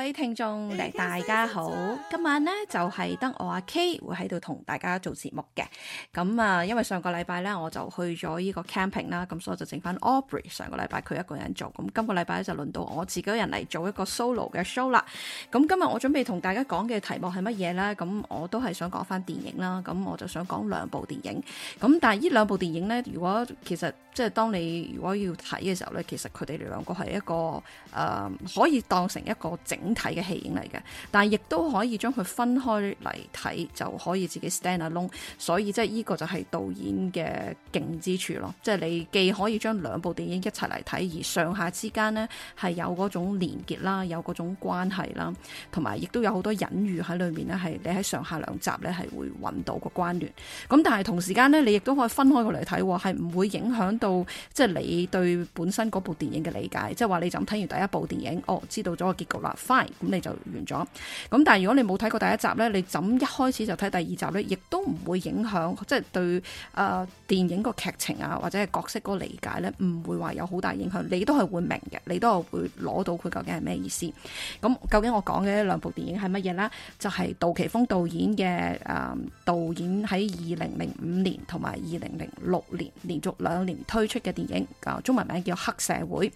各位聽眾，AK C，大家好！今晚呢就係得我阿、啊、K 會喺度同大家做節目嘅。咁、嗯、啊，因為上個禮拜呢我就去咗依個 camping 啦，咁所以我就剩翻 Aubrey 上個禮拜佢一個人做。咁今個禮拜就輪到我自己人嚟做一個 solo 嘅 show 啦。咁、嗯、今日我準備同大家講嘅題目係乜嘢咧？咁、嗯、我都係想講翻電影啦。咁、嗯、我就想講兩部電影。咁、嗯、但係呢兩部電影咧，如果其實即係當你如果要睇嘅時候咧，其實佢哋兩個係一個誒、呃、可以當成一個整。睇嘅戲影嚟嘅，但係亦都可以將佢分開嚟睇，就可以自己 stand alone。所以即係呢個就係導演嘅勁之處咯。即係你既可以將兩部電影一齊嚟睇，而上下之間呢係有嗰種連結啦，有嗰種關係啦，同埋亦都有好多隱喻喺裏面呢係你喺上下兩集呢係會揾到個關聯。咁但係同時間呢，你亦都可以分開過嚟睇，係唔會影響到即係你對本身嗰部電影嘅理解。即係話你就咁睇完第一部電影，哦，知道咗個結局啦，咁、嗯、你就完咗。咁但係如果你冇睇過第一集呢，你怎一開始就睇第二集呢？亦都唔會影響，即、就、係、是、對誒、呃、電影個劇情啊，或者係角色個理解呢，唔會話有好大影響。你都係會明嘅，你都係會攞到佢究竟係咩意思。咁、嗯、究竟我講嘅兩部電影係乜嘢呢？就係、是、杜琪峰導演嘅誒、呃、導演喺二零零五年同埋二零零六年連續兩年推出嘅電影，誒、啊、中文名叫《黑社會》。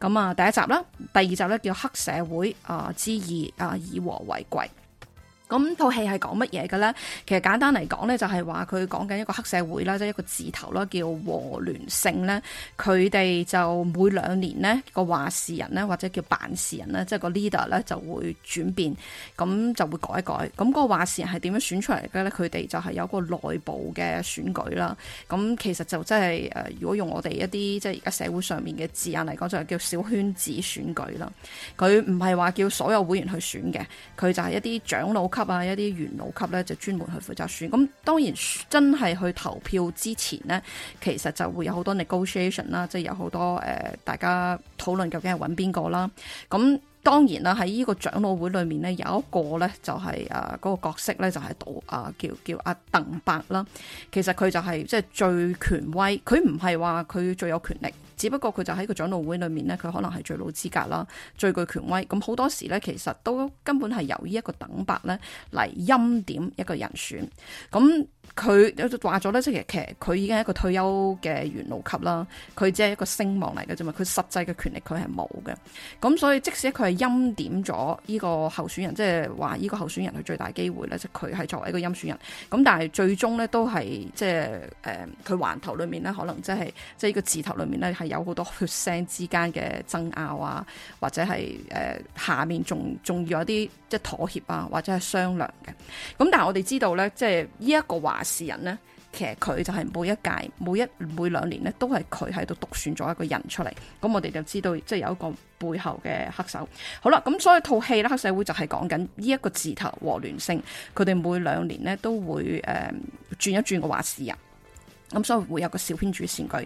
咁、嗯、啊，第一集啦，第二集呢，叫《黑社會》啊。之以啊，以和為貴。咁套戲係講乜嘢嘅咧？其實簡單嚟講咧，就係話佢講緊一個黑社會啦，即係一個字頭啦，叫和聯勝咧。佢哋就每兩年咧個話事人咧，或者叫辦事人咧，即係個 leader 咧就會轉變，咁就會改一改。咁嗰個話事人係點樣選出嚟嘅咧？佢哋就係有個內部嘅選舉啦。咁其實就即係誒如果用我哋一啲即係而家社會上面嘅字眼嚟講就係叫小圈子選舉啦。佢唔係話叫所有會員去選嘅，佢就係一啲長老。級啊，一啲元老級咧就專門去負責選。咁當然真係去投票之前呢，其實就會有好多 negotiation 多、呃、啦，即係有好多誒大家討論究竟係揾邊個啦。咁當然啦，喺呢個長老會裏面呢，有一個呢，就係誒嗰個角色呢，就係、是、賭啊，叫叫阿鄧伯啦。其實佢就係、是、即係最權威，佢唔係話佢最有權力。只不過佢就喺個長老會裏面呢，佢可能係最老資格啦，最具權威。咁好多時呢，其實都根本係由依一個鄧伯呢嚟欽點一個人選。咁佢話咗呢，即係其實佢已經係一個退休嘅元老級啦。佢只係一個聲望嚟嘅啫嘛。佢實際嘅權力佢係冇嘅。咁所以即使佢係欽點咗呢個候選人，即係話呢個候選人佢最大機會呢，即佢係作為一個欽選人。咁但係最終呢，都係即係誒，佢環頭裏面呢，可能即係即係呢個字頭裏面呢。係。有好多血腥之間嘅爭拗啊，或者係誒、呃、下面仲仲要有啲即係妥協啊，或者係商量嘅。咁、嗯、但係我哋知道呢，即係呢一個話事人呢，其實佢就係每一屆每一每兩年呢，都係佢喺度獨選咗一個人出嚟。咁、嗯、我哋就知道即係有一個背後嘅黑手。好啦，咁、嗯、所以套戲呢，黑社會就係講緊呢一個字頭和聯勝，佢哋每兩年呢，都會誒、呃、轉一轉個話事人。咁、嗯、所以會有個小編主線句，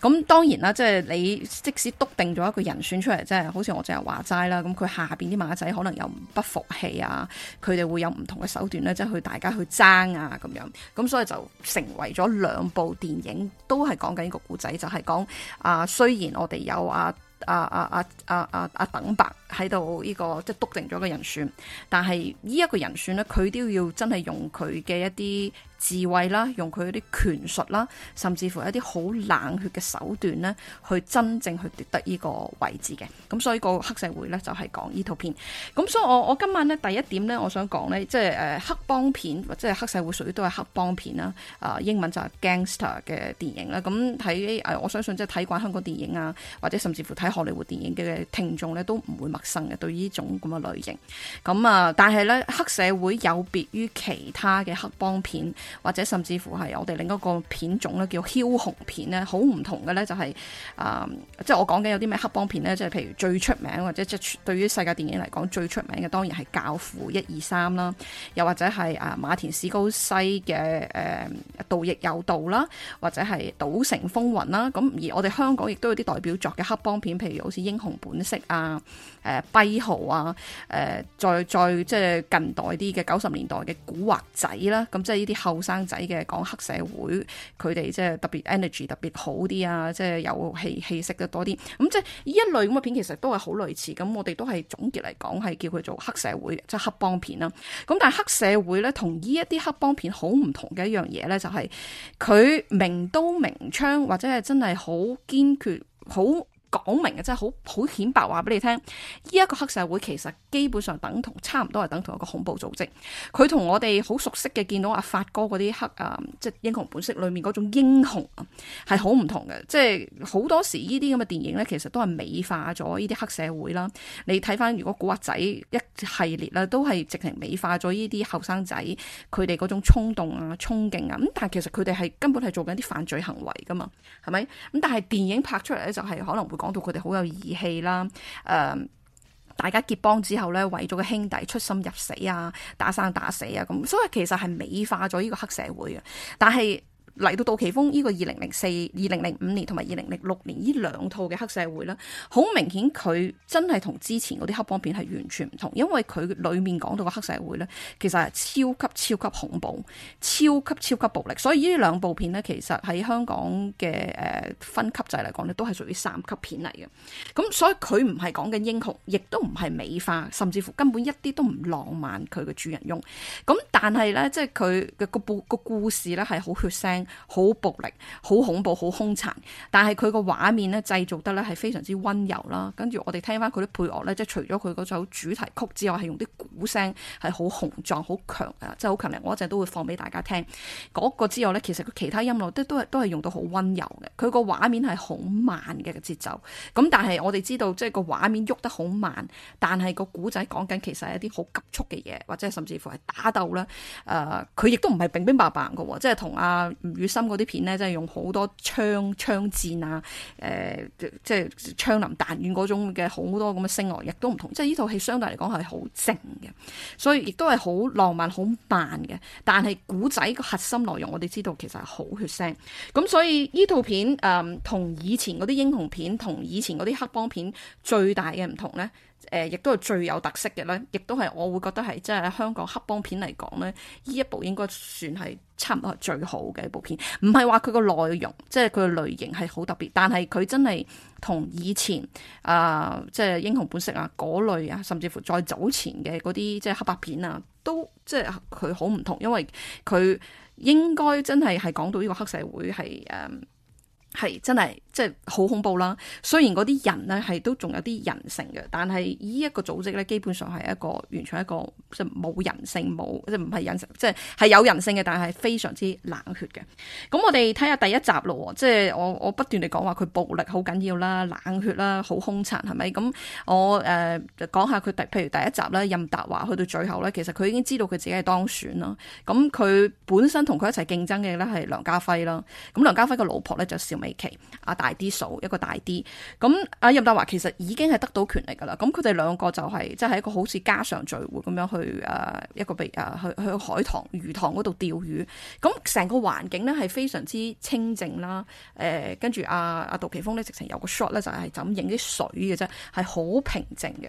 咁、嗯、當然啦，即係你即使篤定咗一個人選出嚟，即係好似我淨係話齋啦，咁佢下邊啲馬仔可能又不服氣啊，佢哋會有唔同嘅手段咧，即係去大家去爭啊咁樣，咁、嗯、所以就成為咗兩部電影都係講緊一個故仔，就係講啊，雖然我哋有啊啊啊啊啊啊啊，啊等白。喺度呢個即係篤定咗個人選，但係呢一個人選咧，佢都要真係用佢嘅一啲智慧啦，用佢啲權術啦，甚至乎一啲好冷血嘅手段咧，去真正去奪得呢個位置嘅。咁所以個黑社會咧就係講呢套片。咁所以我我今晚咧第一點咧，我想講咧，即係誒黑幫片或者係黑社會屬於都係黑幫片啦。啊、呃，英文就係 gangster 嘅電影啦。咁睇誒我相信即係睇慣香港電影啊，或者甚至乎睇荷里活電影嘅聽眾咧，都唔會問。生嘅，對於呢種咁嘅類型，咁、嗯、啊，但係咧，黑社會有別於其他嘅黑幫片，或者甚至乎係我哋另一個片種咧，叫梟雄片咧，好唔同嘅咧就係、是、啊、呃，即係我講嘅有啲咩黑幫片咧，即係譬如最出名或者即係對於世界電影嚟講最出名嘅，當然係教父一二三啦，又或者係啊馬田史高西嘅誒、呃、道亦有道啦，或者係賭城風雲啦，咁而我哋香港亦都有啲代表作嘅黑幫片，譬如好似英雄本色啊誒。呃誒，跛豪啊，誒，再再即係近代啲嘅九十年代嘅古惑仔啦，咁即係呢啲後生仔嘅講黑社會，佢哋即係特別 energy 特別好啲啊，即係有氣氣息得多啲，咁即係呢一類咁嘅片，其實都係好類似，咁我哋都係總結嚟講，係叫佢做黑社會，即係黑幫片啦。咁但係黑社會咧，同呢一啲黑幫片好唔同嘅一樣嘢咧，就係佢明刀明槍，或者係真係好堅決好。講明嘅，即係好好顯白話俾你聽。呢一個黑社會其實基本上等同差唔多係等同一個恐怖組織。佢同我哋好熟悉嘅見到阿發哥嗰啲黑啊，即係英雄本色裏面嗰種英雄啊，係好唔同嘅。即係好多時呢啲咁嘅電影呢，其實都係美化咗呢啲黑社會啦。你睇翻，如果古惑仔一系列啦，都係直情美化咗呢啲後生仔佢哋嗰種衝動啊、衝勁啊。咁但係其實佢哋係根本係做緊啲犯罪行為噶嘛，係咪？咁但係電影拍出嚟咧，就係可能會。講到佢哋好有義氣啦，誒、呃，大家結幫之後咧，為咗個兄弟出心入死啊，打生打死啊，咁所以其實係美化咗呢個黑社會嘅，但係。嚟到杜琪峰呢個二零零四、二零零五年同埋二零零六年呢兩套嘅黑社會咧，好明顯佢真係同之前嗰啲黑幫片係完全唔同，因為佢裡面講到嘅黑社會呢，其實係超級超級恐怖、超級超級暴力，所以呢兩部片呢，其實喺香港嘅誒分級制嚟講呢都係屬於三級片嚟嘅。咁所以佢唔係講緊英雄，亦都唔係美化，甚至乎根本一啲都唔浪漫。佢嘅主人翁，咁但係呢，即係佢嘅個故故事呢，係好血腥。好暴力、好恐怖、好凶殘，但係佢個畫面咧製造得咧係非常之溫柔啦。跟住我哋聽翻佢啲配樂咧，即係除咗佢嗰首主題曲之外，係用啲鼓聲係好雄壯、好強啊，即係好強力。我一陣都會放俾大家聽嗰、這個之外呢，其實佢其他音樂都都係都係用到好溫柔嘅。佢個畫面係好慢嘅節奏，咁但係我哋知道即係個畫面喐得好慢，但係個故仔講緊其實係一啲好急促嘅嘢，或者甚至乎係打鬥啦。誒、呃，佢亦都唔係兵兵白白噶，即係同阿。宇森嗰啲片咧，真係用好多槍槍戰啊，誒、呃，即係槍林彈雨嗰種嘅好多咁嘅聲樂，亦都唔同。即係呢套戲相對嚟講係好靜嘅，所以亦都係好浪漫、好慢嘅。但係古仔個核心內容，我哋知道其實係好血腥。咁所以呢套片誒，同、嗯、以前嗰啲英雄片、同以前嗰啲黑幫片最大嘅唔同咧。誒，亦都係最有特色嘅咧，亦都係我會覺得係即係喺香港黑幫片嚟講咧，呢一部應該算係差唔多係最好嘅一部片。唔係話佢個內容，即係佢個類型係好特別，但係佢真係同以前啊，即、呃、係、就係、英雄本色啊嗰類啊，甚至乎再早前嘅嗰啲即係黑白片啊，都即係佢好唔同，因為佢應該真係係講到呢個黑社會係誒，呃係真係即係好恐怖啦！雖然嗰啲人呢，係都仲有啲人性嘅，但係呢一個組織呢，基本上係一個完全一個即係冇人性、冇即係唔係人性，即係係有人性嘅，但係非常之冷血嘅。咁我哋睇下第一集咯，即係我我不斷地講話佢暴力好緊要啦、冷血啦、好凶殘係咪？咁我誒講、呃、下佢第，譬如第一集咧，任達華去到最後呢，其實佢已經知道佢自己係當選啦。咁佢本身同佢一齊競爭嘅呢，係梁家輝啦。咁梁家輝個老婆呢，就笑。尾期啊，大啲數一個大啲，咁啊，任達華其實已經係得到權力噶啦。咁佢哋兩個就係即係一個好似家常聚會咁樣去啊一個別啊去去海塘魚塘嗰度釣魚，咁成個環境咧係非常之清靜啦。誒、呃，跟住阿阿杜琪峰呢直情有個 shot 咧就係、是、就咁影啲水嘅啫，係好平靜嘅。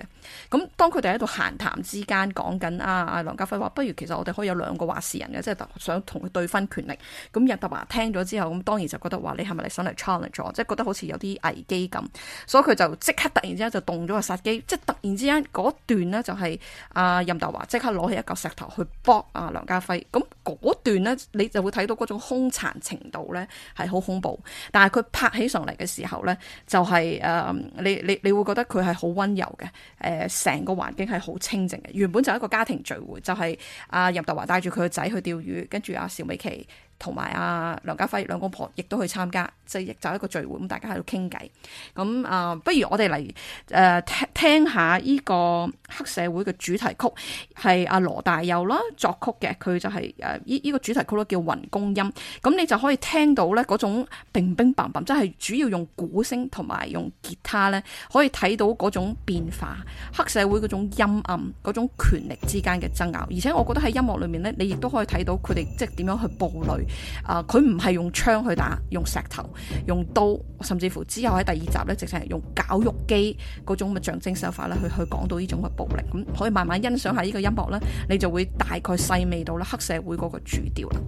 咁當佢哋喺度閒談之間講緊啊，阿梁家輝話不如其實我哋可以有兩個話事人嘅，即、就、係、是、想同佢對分權力。咁任達華聽咗之後，咁當然就覺得話你係咪嚟想？challenge 我，即係覺得好似有啲危機咁，所以佢就即刻突然之間就動咗個殺機，即係突然之間嗰段呢、就是，就係阿任達華即刻攞起一嚿石頭去搏阿梁家輝，咁、那、嗰、個、段呢，你就會睇到嗰種兇殘程度呢係好恐怖，但係佢拍起上嚟嘅時候呢，就係、是、誒、啊、你你你會覺得佢係好溫柔嘅，誒、啊、成個環境係好清靜嘅，原本就係一個家庭聚會，就係、是、阿、啊、任達華帶住佢個仔去釣魚，跟住阿邵美琪。同埋阿梁家輝兩公婆亦都去參加，即係亦就一個聚會咁，大家喺度傾偈。咁啊、呃，不如我哋嚟誒聽聽下呢個黑社會嘅主題曲，係阿、啊、羅大佑啦作曲嘅，佢就係誒呢呢個主題曲咯，叫《雲公音》。咁你就可以聽到咧嗰種乒乒乓乓，即係主要用鼓聲同埋用吉他咧，可以睇到嗰種變化，黑社會嗰種陰暗、嗰種權力之間嘅爭拗。而且我覺得喺音樂裏面咧，你亦都可以睇到佢哋即係點樣去佈局。啊！佢唔係用槍去打，用石頭、用刀，甚至乎之後喺第二集呢，直情係用絞肉機嗰種嘅象徵手法咧，去去講到呢種嘅暴力。咁、嗯、可以慢慢欣賞下呢個音樂咧，你就會大概細味到咧黑社會嗰個主調啦。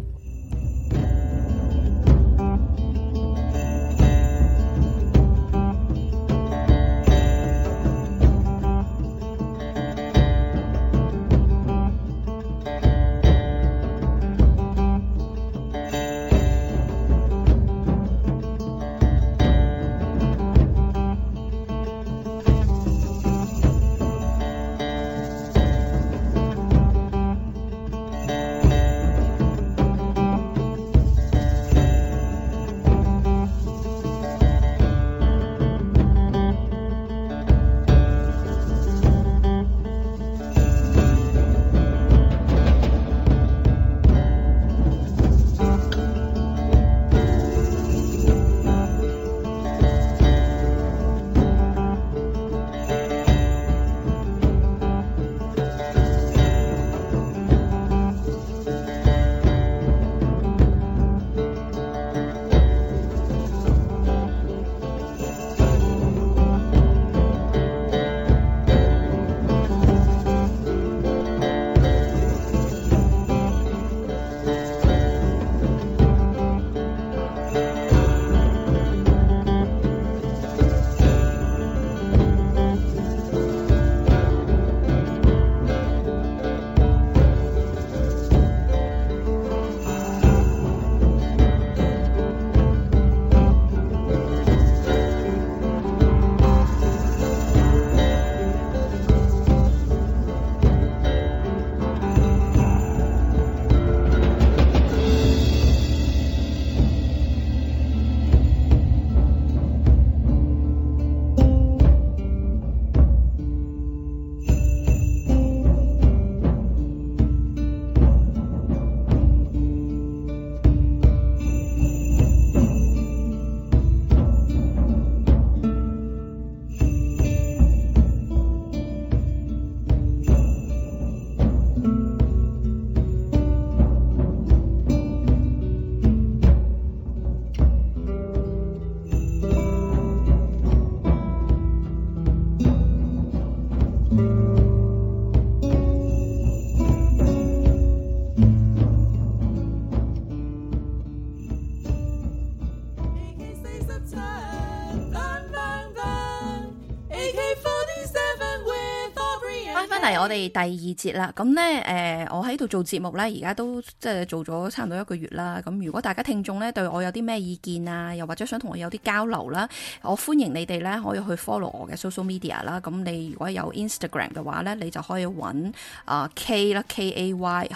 第二節啦，咁咧誒，我喺度做節目咧，而家都即係做咗差唔多一個月啦。咁如果大家聽眾咧對我有啲咩意見啊，又或者想同我有啲交流啦，我歡迎你哋咧可以去 follow 我嘅 social media 啦。咁你如果有 Instagram 嘅話咧，你就可以揾啊 Kay 啦，K, K A Y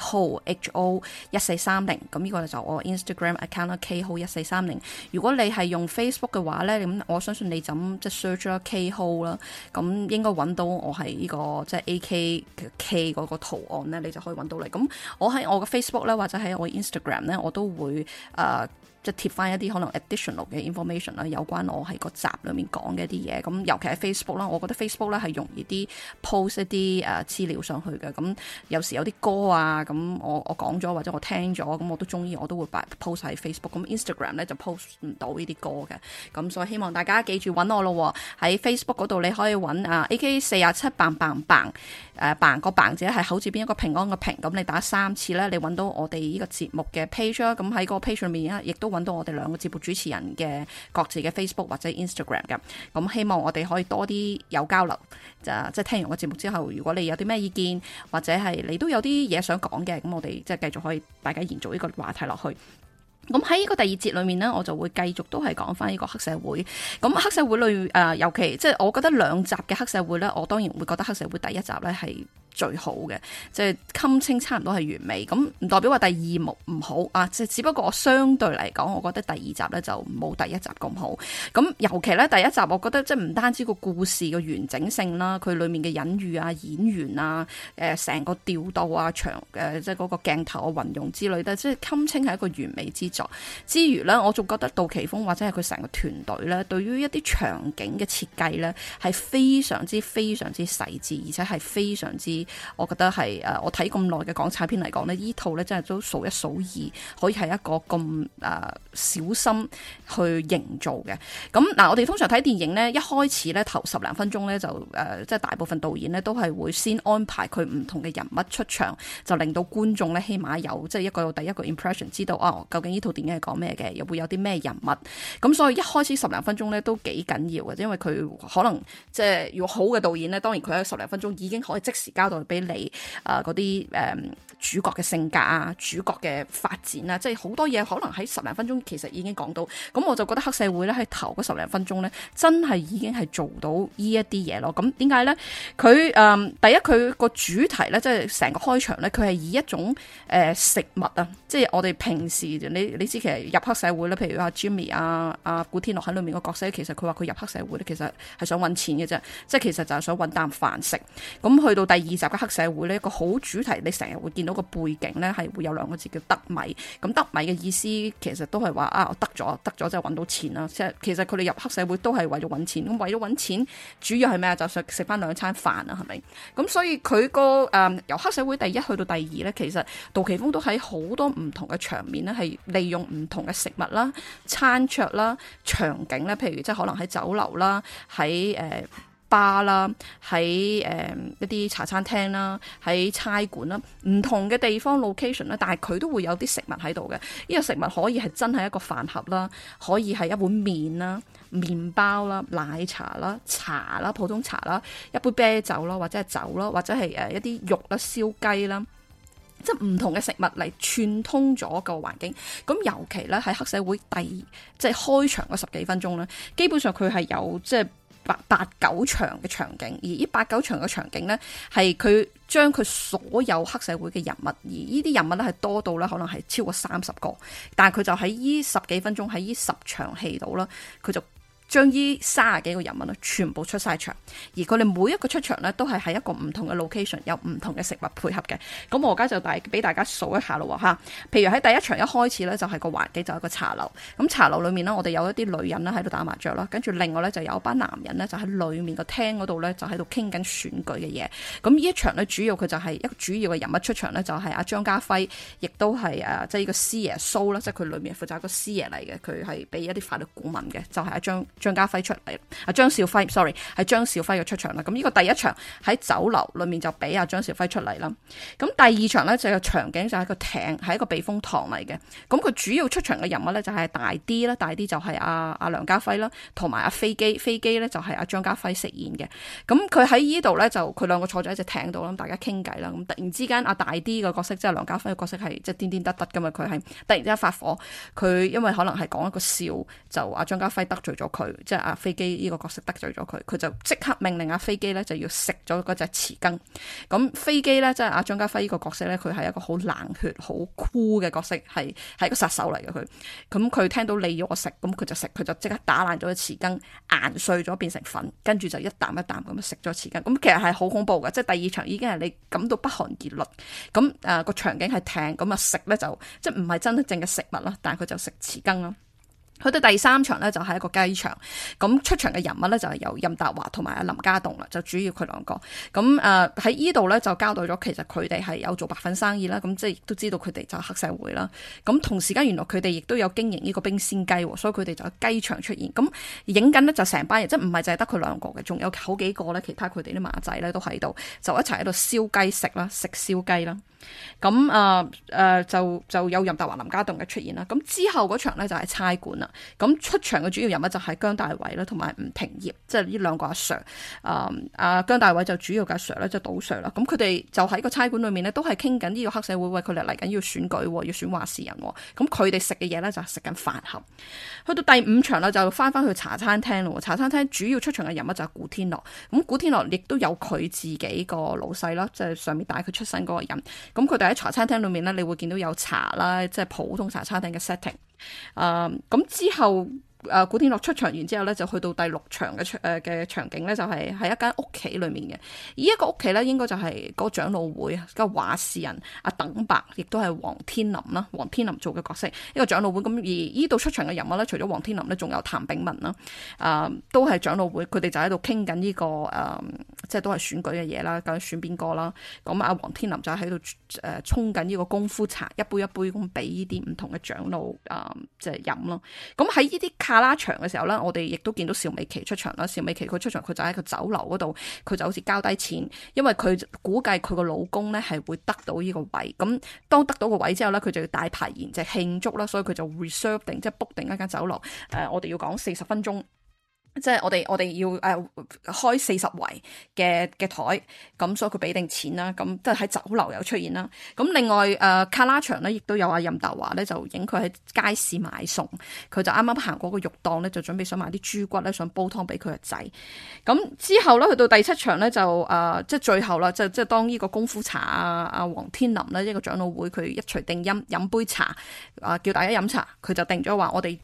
H O 一四三零。咁呢個就我 Instagram account 啦，Kay 號一四三零。如果你係用 Facebook 嘅話咧，咁我相信你就即係 search 啦，Kay 號啦，咁、就是、應該揾到我係呢、這個即係、就是、AK。K 嗰個圖案咧，你就可以揾到嚟。咁我喺我嘅 Facebook 咧，或者喺我 Instagram 咧，我都會誒。呃即係貼翻一啲可能 additional 嘅 information 啦，有關我喺個集裡面講嘅一啲嘢。咁尤其係 Facebook 啦，我覺得 Facebook 咧係容易啲 post 一啲誒資料上去嘅。咁有時有啲歌啊，咁我我講咗或者我聽咗，咁我都中意，我都會 post 喺 Facebook。咁 Instagram 咧就 post 唔到呢啲歌嘅。咁所以希望大家記住揾我咯喎，喺 Facebook 度你可以揾啊 AK 四廿七 bang bang bang 誒 bang 個 bang 者係好似邊一個平安嘅平咁，你打三次咧，你揾到我哋呢個節目嘅 page 啦。咁喺嗰個 page 上面咧，亦都。揾到我哋兩個節目主持人嘅各自嘅 Facebook 或者 Instagram 嘅，咁希望我哋可以多啲有交流。誒，即係聽完個節目之後，如果你有啲咩意見，或者係你都有啲嘢想講嘅，咁我哋即係繼續可以大家延續呢個話題落去。咁喺呢個第二節裏面呢，我就會繼續都係講翻呢個黑社會。咁黑社會裏誒、呃，尤其即係、就是、我覺得兩集嘅黑社會呢，我當然會覺得黑社會第一集呢係。最好嘅，即係堪稱差唔多係完美。咁唔代表話第二幕唔好啊，即係只不過相對嚟講，我覺得第二集呢就冇第一集咁好。咁尤其呢，第一集，我覺得即係唔單止個故事嘅完整性啦，佢裡面嘅隱喻啊、演員啊、誒、呃、成個調度啊、場誒、呃、即係嗰個鏡頭嘅運用之類，都即係堪稱係一個完美之作。之餘呢，我仲覺得杜琪峰或者係佢成個團隊呢，對於一啲場景嘅設計呢，係非常之非常之細緻，而且係非常之。我覺得係誒，我睇咁耐嘅港產片嚟講咧，呢套呢真係都數一數二，可以係一個咁誒、呃、小心去營造嘅。咁嗱、啊，我哋通常睇電影呢，一開始呢頭十零分鐘呢，就誒、呃，即係大部分導演呢都係會先安排佢唔同嘅人物出場，就令到觀眾呢起碼有即係一個第一個 impression，知道啊、哦、究竟呢套電影係講咩嘅，又會有啲咩人物。咁所以一開始十零分鐘呢都幾緊要嘅，因為佢可能即係要好嘅導演呢，當然佢喺十零分鐘已經可以即時交。俾你啊！嗰啲誒主角嘅性格啊，主角嘅發展啊，即係好多嘢可能喺十零分鐘其實已經講到，咁我就覺得黑社會咧喺頭嗰十零分鐘咧，真係已經係做到呢一啲嘢咯。咁點解咧？佢、嗯、誒第一佢個主題咧，即係成個開場咧，佢係以一種誒、呃、食物啊，即係我哋平時你你知其實入黑社會咧，譬如阿 Jimmy 啊、阿古天樂喺裏面個角色，其實佢話佢入黑社會咧，其實係想搵錢嘅啫，即係其實就係想搵啖飯食。咁去到第二。夾嘅黑社會呢，一個好主題，你成日會見到個背景呢，係會有兩個字叫得米。咁得米嘅意思，其實都係話啊，我得咗，得咗即係揾到錢啦。即係其實佢哋入黑社會都係為咗揾錢。咁為咗揾錢，主要係咩啊？就食食翻兩餐飯啊，係咪？咁所以佢個誒由黑社會第一去到第二呢，其實杜琪峰都喺好多唔同嘅場面呢，係利用唔同嘅食物啦、餐桌啦、場景呢，譬如即係可能喺酒樓啦，喺誒。呃巴啦喺誒一啲茶餐廳啦，喺差館啦，唔同嘅地方 location 啦，但係佢都會有啲食物喺度嘅。呢個食物可以係真係一個飯盒啦，可以係一碗麵啦、麵包啦、奶茶啦、茶啦、普通茶啦、一杯啤酒啦，或者係酒咯，或者係誒一啲肉啦、燒雞啦，即係唔同嘅食物嚟串通咗個環境。咁尤其咧喺黑社會第即係、就是、開場嗰十幾分鐘啦，基本上佢係有即係。就是八八九場嘅場景，而呢八九場嘅場景呢，係佢將佢所有黑社會嘅人物，而呢啲人物呢，係多到咧，可能係超過三十個，但係佢就喺呢十幾分鐘，喺呢十場戲度啦，佢就。將依卅幾個人物咧，全部出晒場，而佢哋每一個出場咧，都係喺一個唔同嘅 location，有唔同嘅食物配合嘅。咁我而家就大俾大家數一下咯，吓。譬如喺第一場一開始咧，就係個環境就係個茶樓，咁茶樓裏面呢，我哋有一啲女人咧喺度打麻雀啦，跟住另外咧就有一班男人咧就喺裏面個廳嗰度咧就喺度傾緊選舉嘅嘢。咁呢一場咧主要佢就係一個主要嘅人物出場咧就係阿張家輝，亦都係誒即係呢個師爺蘇啦，即係佢裏面負責一個師爺嚟嘅，佢係俾一啲法律顧問嘅，就係一張。張家輝出嚟啦，阿張少輝，sorry 係張少輝嘅出場啦。咁呢個第一場喺酒樓裏面就俾阿張少輝出嚟啦。咁第二場咧就個、是、場景就係個艇，係一個避風塘嚟嘅。咁佢主要出場嘅人物咧就係、是、大啲啦、啊，大啲就係阿阿梁家輝啦，同埋阿飛機，飛機咧就係阿張家輝飾演嘅。咁佢喺呢度咧就佢兩個坐咗一隻艇度啦，大家傾偈啦。咁突然之間阿大啲嘅角色即係、就是、梁家輝嘅角色係即係癲癲得得噶嘛，佢係突然之間發火，佢因為可能係講一個笑就阿張家輝得罪咗佢。即係阿飛機呢個角色得罪咗佢，佢就即刻命令阿飛機咧就要食咗嗰隻匙羹。咁飛機咧即係阿張家輝呢個角色咧，佢係一個好冷血、好酷嘅角色，係係一個殺手嚟嘅佢。咁佢聽到你要我食，咁佢就食，佢就即刻打爛咗個匙羹，研碎咗變成粉，跟住就一啖一啖咁食咗匙羹。咁其實係好恐怖嘅，即係第二場已經係你感到不寒而慄。咁、那、誒個場景係艇，咁、那、啊、個、食咧就即係唔係真正嘅食物咯，但係佢就食匙羹咯。佢哋第三場咧就係一個雞場，咁出場嘅人物咧就係由任達華同埋阿林家棟啦，就主要佢兩個。咁誒喺依度咧就交代咗，其實佢哋係有做白粉生意啦，咁即係亦都知道佢哋就黑社會啦。咁同時間原來佢哋亦都有經營呢個冰鮮雞，所以佢哋就喺雞場出現。咁影緊咧就成班人，即係唔係淨係得佢兩個嘅，仲有好幾個咧，其他佢哋啲馬仔咧都喺度，就一齊喺度燒雞食啦，食燒雞啦。咁啊誒，就就有任達華、林家棟嘅出現啦。咁之後嗰場呢，就係差館啦。咁出場嘅主要人物就係姜大偉啦，同埋吳平業，即係呢兩個阿 Sir。啊啊，姜大偉就主要嘅阿 Sir 咧，就係賭 Sir 啦。咁佢哋就喺個差館裏面呢，都係傾緊呢個黑社會喎，佢哋嚟緊要選舉，要選話事人。咁佢哋食嘅嘢呢，就係食緊飯盒。去到第五場啦，就翻翻去茶餐廳咯。茶餐廳主要出場嘅人物就係古天樂。咁古天樂亦都有佢自己個老細啦，即係上面帶佢出身嗰個人。咁佢哋喺茶餐廳裏面咧，你會見到有茶啦，即係普通茶餐廳嘅 setting。啊、嗯，咁之後。誒，古天樂出場，完之後咧就去到第六場嘅場誒嘅場景咧，就係喺一間屋企裏面嘅。而一個屋企咧，應該就係個長老會，那個話事人阿鄧伯，亦都係王天林啦，王天林做嘅角色。一、這個長老會咁，而呢度出場嘅人物咧，除咗王天林咧，仲有譚炳文啦，啊，都係長老會，佢哋就喺度傾緊呢個誒、啊，即係都係選舉嘅嘢啦，究竟選邊個啦？咁阿王天林就喺度誒沖緊呢個功夫茶，一杯一杯咁俾呢啲唔同嘅長老誒即係飲咯。咁喺呢啲。就是下拉場嘅時候咧，我哋亦都見到邵美琪出場啦。邵美琪佢出場，佢就喺個酒樓嗰度，佢就好似交低錢，因為佢估計佢個老公咧係會得到呢個位。咁當得到個位之後咧，佢就要大排筵席即係慶祝啦，所以佢就 reserve 定即係 book 定一間酒樓。誒、呃，我哋要講四十分鐘。即係我哋，我哋要誒開四十圍嘅嘅台，咁所以佢俾定錢啦。咁即係喺酒樓有出現啦。咁另外誒卡拉場咧，亦都有阿任達華咧，就影佢喺街市買餸。佢就啱啱行過個肉檔咧，就準備想買啲豬骨咧，想煲湯俾佢個仔。咁之後咧，去到第七場咧，就誒、呃、即係最後啦，就即係當呢個功夫茶啊，阿王天林咧呢個長老會，佢一錘定音飲，飲杯茶啊，叫大家飲茶，佢就定咗話我哋。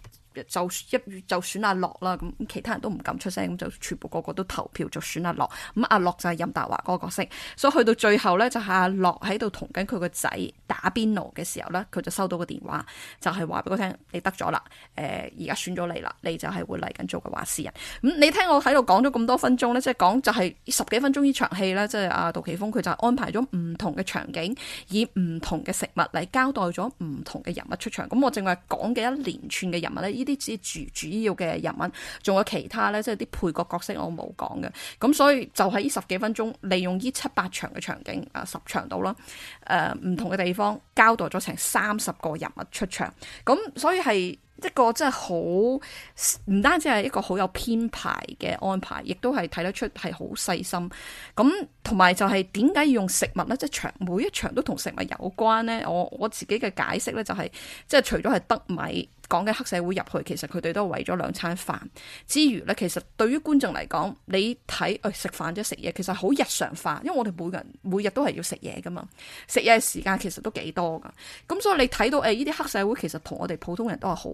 就一月就選阿樂啦，咁其他人都唔敢出聲，咁就全部個個都投票就選阿樂。咁阿樂就係任達華嗰個角色，所以去到最後呢，就係、是、阿樂喺度同緊佢個仔打邊爐嘅時候呢，佢就收到個電話，就係話俾佢聽，你得咗啦，誒而家選咗你啦，你就係會嚟緊做個話事人。咁、嗯、你聽我喺度講咗咁多分鐘呢，即係講就係、是、十幾分鐘呢場戲呢，即係阿杜琪峰，佢就安排咗唔同嘅場景，以唔同嘅食物嚟交代咗唔同嘅人物出場。咁、嗯、我正話講嘅一連串嘅人物咧，啲主主要嘅人物，仲有其他呢，即係啲配角角色我，我冇講嘅。咁所以就喺呢十幾分鐘，利用呢七八場嘅場景，啊十場到啦，誒、呃、唔同嘅地方交代咗成三十個人物出場，咁所以係。一個真係好，唔單止係一個好有編排嘅安排，亦都係睇得出係好細心。咁同埋就係點解要用食物呢？即係場每一場都同食物有關呢。我我自己嘅解釋呢，就係、是，即係除咗係得米講嘅黑社會入去，其實佢哋都係為咗兩餐飯之餘呢，其實對於觀眾嚟講，你睇誒食飯即食嘢，其實好日常化。因為我哋每人每日都係要食嘢噶嘛，食嘢嘅時間其實都幾多噶。咁所以你睇到誒呢啲黑社會，其實同我哋普通人都係好。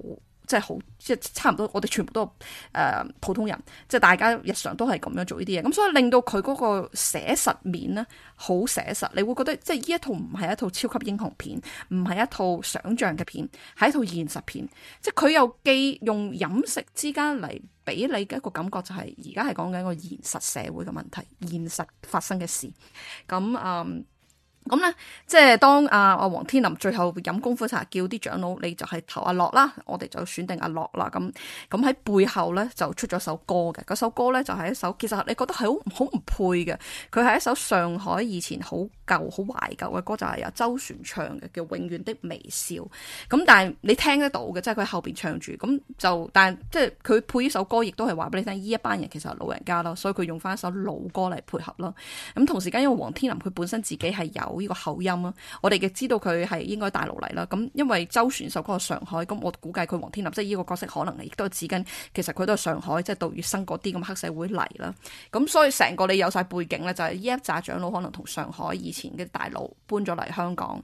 即係好，即係差唔多，我哋全部都誒、呃、普通人，即係大家日常都係咁樣做呢啲嘢，咁所以令到佢嗰個寫實面咧，好寫實，你會覺得即係呢一套唔係一套超級英雄片，唔係一套想象嘅片，係一套現實片，即係佢又既用飲食之間嚟俾你嘅一個感覺、就是，就係而家係講緊一個現實社會嘅問題，現實發生嘅事，咁嗯。咁咧、嗯，即係當阿阿王天林最後飲功夫茶，叫啲長老，你就係投阿樂啦，我哋就選定阿樂啦。咁咁喺背後咧就出咗首歌嘅，嗰首歌咧就係、是、一首，其實你覺得係好好唔配嘅，佢係一首上海以前好舊好懷舊嘅歌就係、是、由周璇唱嘅，叫《永遠的微笑》。咁但係你聽得到嘅，即係佢後邊唱住咁就，但係即係佢配呢首歌，亦都係話俾你聽，呢一班人其實係老人家啦，所以佢用翻一首老歌嚟配合咯。咁同時間因為王天林佢本身自己係有呢個口音啦，我哋亦知道佢係應該大陸嚟啦。咁因為周璇首歌係上海，咁我估計佢王天林即係呢個角色可能亦都係指跟，其實佢都係上海，即係杜月笙嗰啲咁黑社會嚟啦。咁所以成個你有晒背景咧，就係、是、呢一紮長老可能同上海以前前嘅大佬搬咗嚟香港，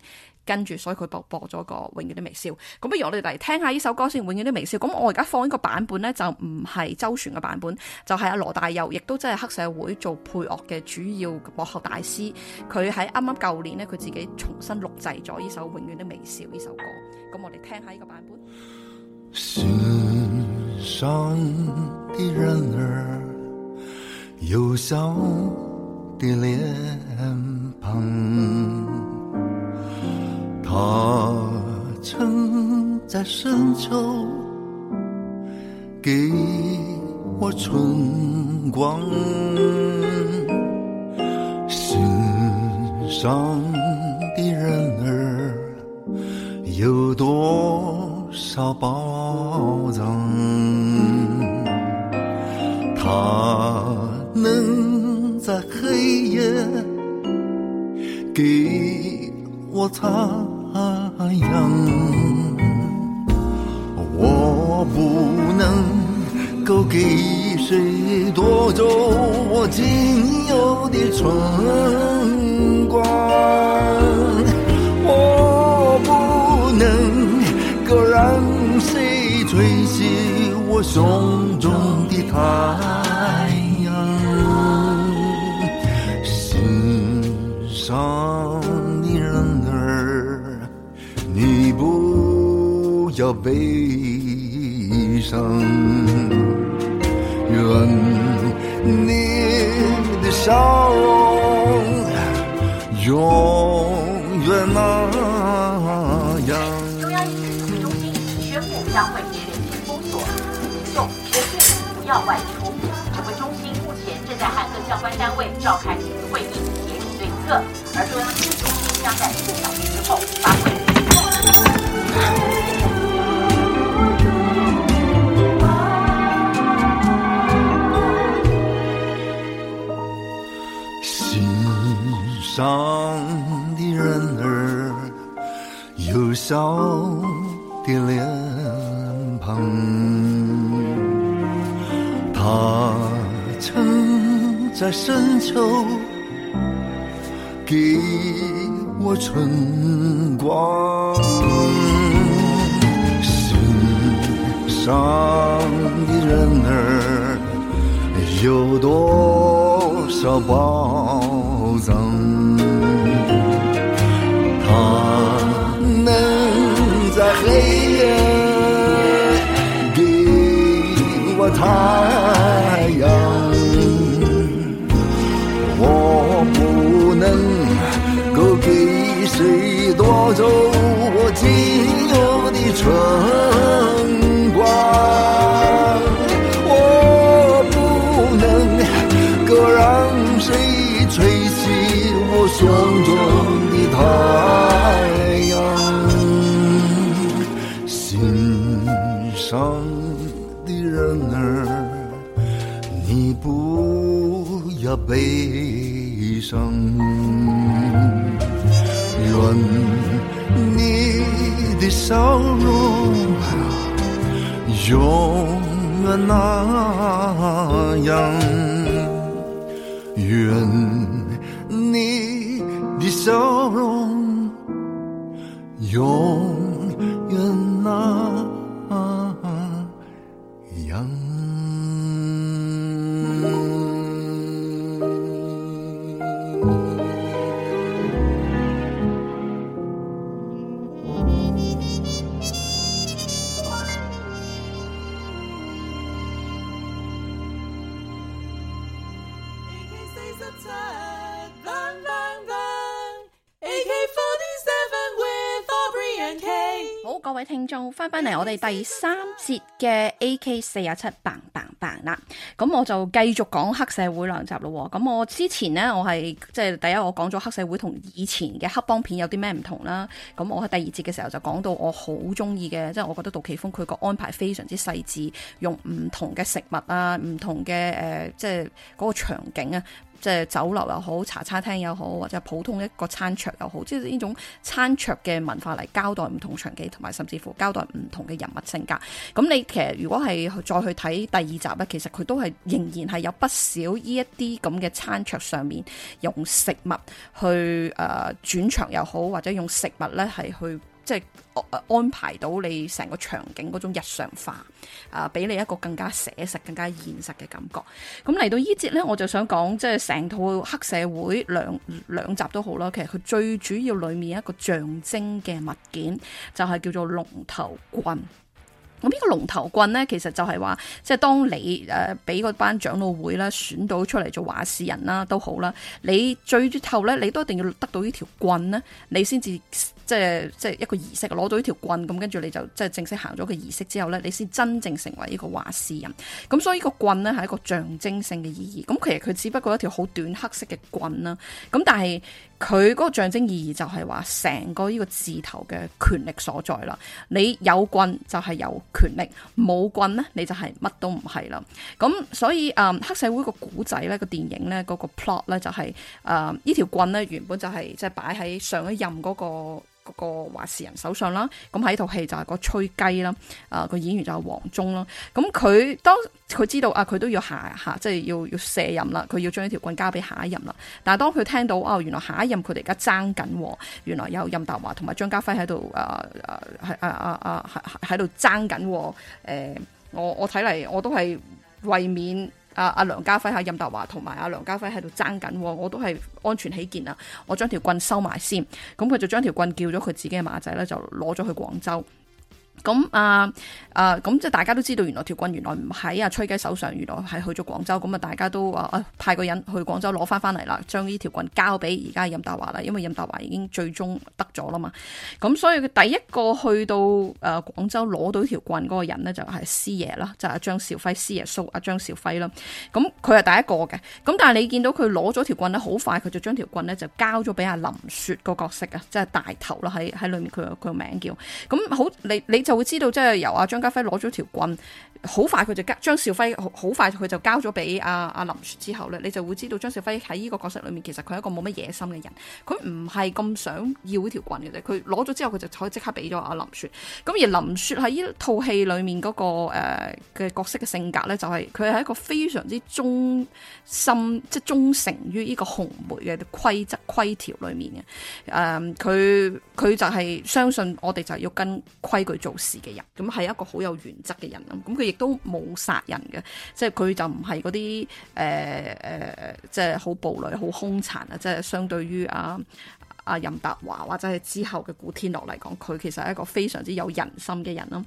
跟住所以佢播播咗個《永遠的微笑》。咁不如我哋嚟聽下呢首歌先，《永遠的微笑》。咁我而家放呢個版本呢，就唔係周璇嘅版本，就係、是、阿羅大佑，亦都真係黑社會做配樂嘅主要幕後大師。佢喺啱啱舊年呢，佢自己重新錄製咗呢首《永遠的微笑》呢首歌。咁我哋聽下呢個版本。船上的人兒又笑。的臉龐，他曾在深秋給我春光。世上的人兒有多少寶藏？他能，給我太陽，我不能夠給誰奪走我僅有的春光，我不能夠讓誰吹熄我胸中的太陽，心上。悲傷，願你的笑容永遠那樣。中央疫情指揮中心宣布將會全面封鎖，民眾絕對不要外出。指揮中心目前正在和各相關單位召開緊急會議，協助對策。而中央指揮中心將在四小時之後發布。 上的人兒，有笑的臉龐。他曾在深秋給我春光。心上的人兒，有多少寶？他能在黑夜給我太陽，我不能夠給誰奪走我僅有的春。悲傷，願你的笑容永遠那樣。第三節嘅 AK 四十七呯呯呯啦，咁我就繼續講黑社會兩集咯。咁我之前呢，我係即係第一我講咗黑社會同以前嘅黑幫片有啲咩唔同啦。咁我喺第二節嘅時候就講到我好中意嘅，即係我覺得杜琪峰佢個安排非常之細緻，用唔同嘅食物啊，唔同嘅誒，即係嗰個場景啊。即係酒樓又好，茶餐廳又好，或者普通一個餐桌又好，即係呢種餐桌嘅文化嚟交代唔同場景，同埋甚至乎交代唔同嘅人物性格。咁你其實如果係再去睇第二集呢，其實佢都係仍然係有不少呢一啲咁嘅餐桌上面用食物去誒、呃、轉場又好，或者用食物呢係去。即係、啊、安排到你成個場景嗰種日常化，啊、呃，俾你一個更加寫實、更加現實嘅感覺。咁、嗯、嚟到呢節呢，我就想講，即係成套黑社會兩兩集都好啦。其實佢最主要裏面一個象徵嘅物件，就係、是、叫做龍頭棍。咁、嗯、呢、這個龍頭棍呢，其實就係話，即係當你誒俾、呃、班長老會啦選到出嚟做話事人啦，都好啦，你最頭呢，你都一定要得到呢條棍呢，你先至。即係即係一個儀式，攞到呢條棍，咁跟住你就即係正式行咗個儀式之後呢，你先真正成為一個話事人。咁所以呢個棍呢，係一個象徵性嘅意義。咁其實佢只不過一條好短黑色嘅棍啦。咁但係佢嗰個象徵意義就係話成個呢個字頭嘅權力所在啦。你有棍就係有權力，冇棍呢，你就係乜都唔係啦。咁所以誒、呃、黑社會個古仔呢，個電影呢、就是，嗰個 plot 呢，就係誒呢條棍呢，原本就係即係擺喺上一任嗰、嗰個。嗰個話事人手上啦，咁喺套戲就係個吹雞啦，啊、呃、個演員就係黃忠啦，咁、嗯、佢當佢知道啊，佢都要下下即係要要卸任啦，佢要將呢條棍交俾下一任啦，但係當佢聽到哦，原來下一任佢哋而家爭緊，原來有任達華同埋張家輝喺度誒誒喺誒誒誒喺度爭緊，誒、呃、我我睇嚟我都係為免。阿阿、啊、梁家輝喺任達華同埋阿梁家輝喺度爭緊，我都係安全起見啊，我將條棍收埋先。咁佢就將條棍叫咗佢自己嘅馬仔咧，就攞咗去廣州。咁啊啊咁即係大家都知道，原來條棍原來唔喺阿吹雞手上，原來係去咗廣州。咁啊大家都話啊、呃、派個人去廣州攞翻翻嚟啦，將呢條棍交俾而家任達華啦，因為任達華已經最終得咗啦嘛。咁、嗯、所以佢第一個去到誒、呃、廣州攞到條棍嗰個人呢，就係、是、師爺啦，就阿、是、張兆輝師爺蘇阿、啊、張兆輝啦。咁佢係第一個嘅。咁但係你見到佢攞咗條棍呢，好快佢就將條棍呢，就交咗俾阿林雪個角色啊，即係大頭啦喺喺裏面佢佢個名叫。咁好你你。你你就會知道，即係由阿張家輝攞咗條棍，好快佢就交張兆輝，好快佢就交咗俾阿阿林雪之後咧，你就會知道張兆輝喺呢個角色裏面其實佢係一個冇乜野心嘅人，佢唔係咁想要呢條棍嘅啫，佢攞咗之後佢就可以即刻俾咗阿林雪。咁而林雪喺呢套戲裏面嗰、那個誒嘅、呃、角色嘅性格咧，就係佢係一個非常之忠心，即係忠誠於呢個紅梅嘅規則規條裏面嘅。誒佢佢就係相信我哋就要跟規矩做。事嘅人，咁係一個好有原則嘅人啊！咁佢亦都冇殺人嘅，即係佢就唔係嗰啲誒誒，即係好暴戾、好兇殘啊！即係相對於啊。阿任達華或者係之後嘅古天樂嚟講，佢其實係一個非常之有人心嘅人咯。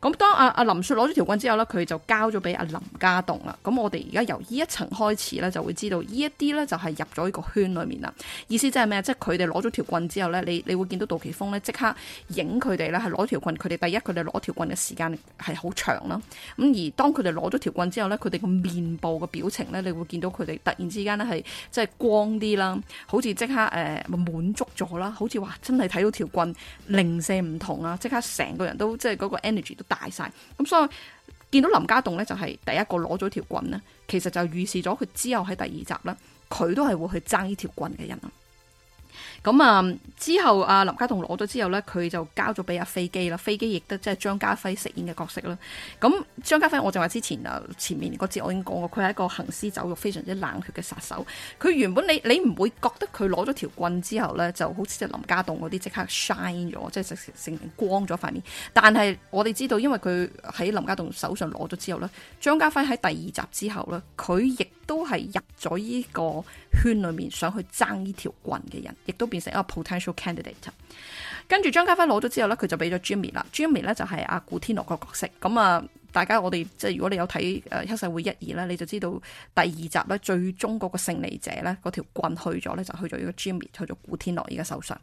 咁當阿阿林雪攞咗條棍之後咧，佢就交咗俾阿林家棟啦。咁我哋而家由呢一層開始咧，就會知道呢一啲咧就係入咗呢個圈裡面啦。意思即係咩？即係佢哋攞咗條棍之後咧，你你會見到杜琪峰咧即刻影佢哋咧係攞條棍。佢哋第一佢哋攞條棍嘅時間係好長啦。咁而當佢哋攞咗條棍之後咧，佢哋個面部嘅表情咧，你會見到佢哋突然之間咧係即係光啲啦，好似即刻誒、呃、滿足。咗啦，好似哇，真係睇到條棍零舍唔同啊，即刻成個人都即係嗰個 energy 都大晒，咁所以見到林家棟呢，就係第一個攞咗條棍呢，其實就預示咗佢之後喺第二集呢，佢都係會去爭呢條棍嘅人啊。咁啊，嗯，之後啊，林家棟攞咗之後呢，佢就交咗俾阿飛機啦。飛機亦都即係張家輝飾演嘅角色啦。咁張家輝，我就話之前啊，前面嗰節我已經講過，佢係一個行屍走肉，非常之冷血嘅殺手。佢原本你你唔會覺得佢攞咗條棍之後呢，就好似林家棟嗰啲即刻 shine 咗，即係成成光咗塊面。但係我哋知道，因為佢喺林家棟手上攞咗之後呢，張家輝喺第二集之後呢，佢亦都係入咗呢個圈裏面，想去爭呢條棍嘅人，亦都變成一個 potential candidate。跟住張家輝攞咗之後咧，佢就俾咗 Jimmy 啦。Jimmy 咧就係阿古天樂個角色。咁啊。大家我哋即係如果你有睇誒《黑社會》一二咧，你就知道第二集咧，最終嗰個勝利者咧，嗰條棍去咗咧，就去咗呢個 Jimmy，去咗古天樂而家手上。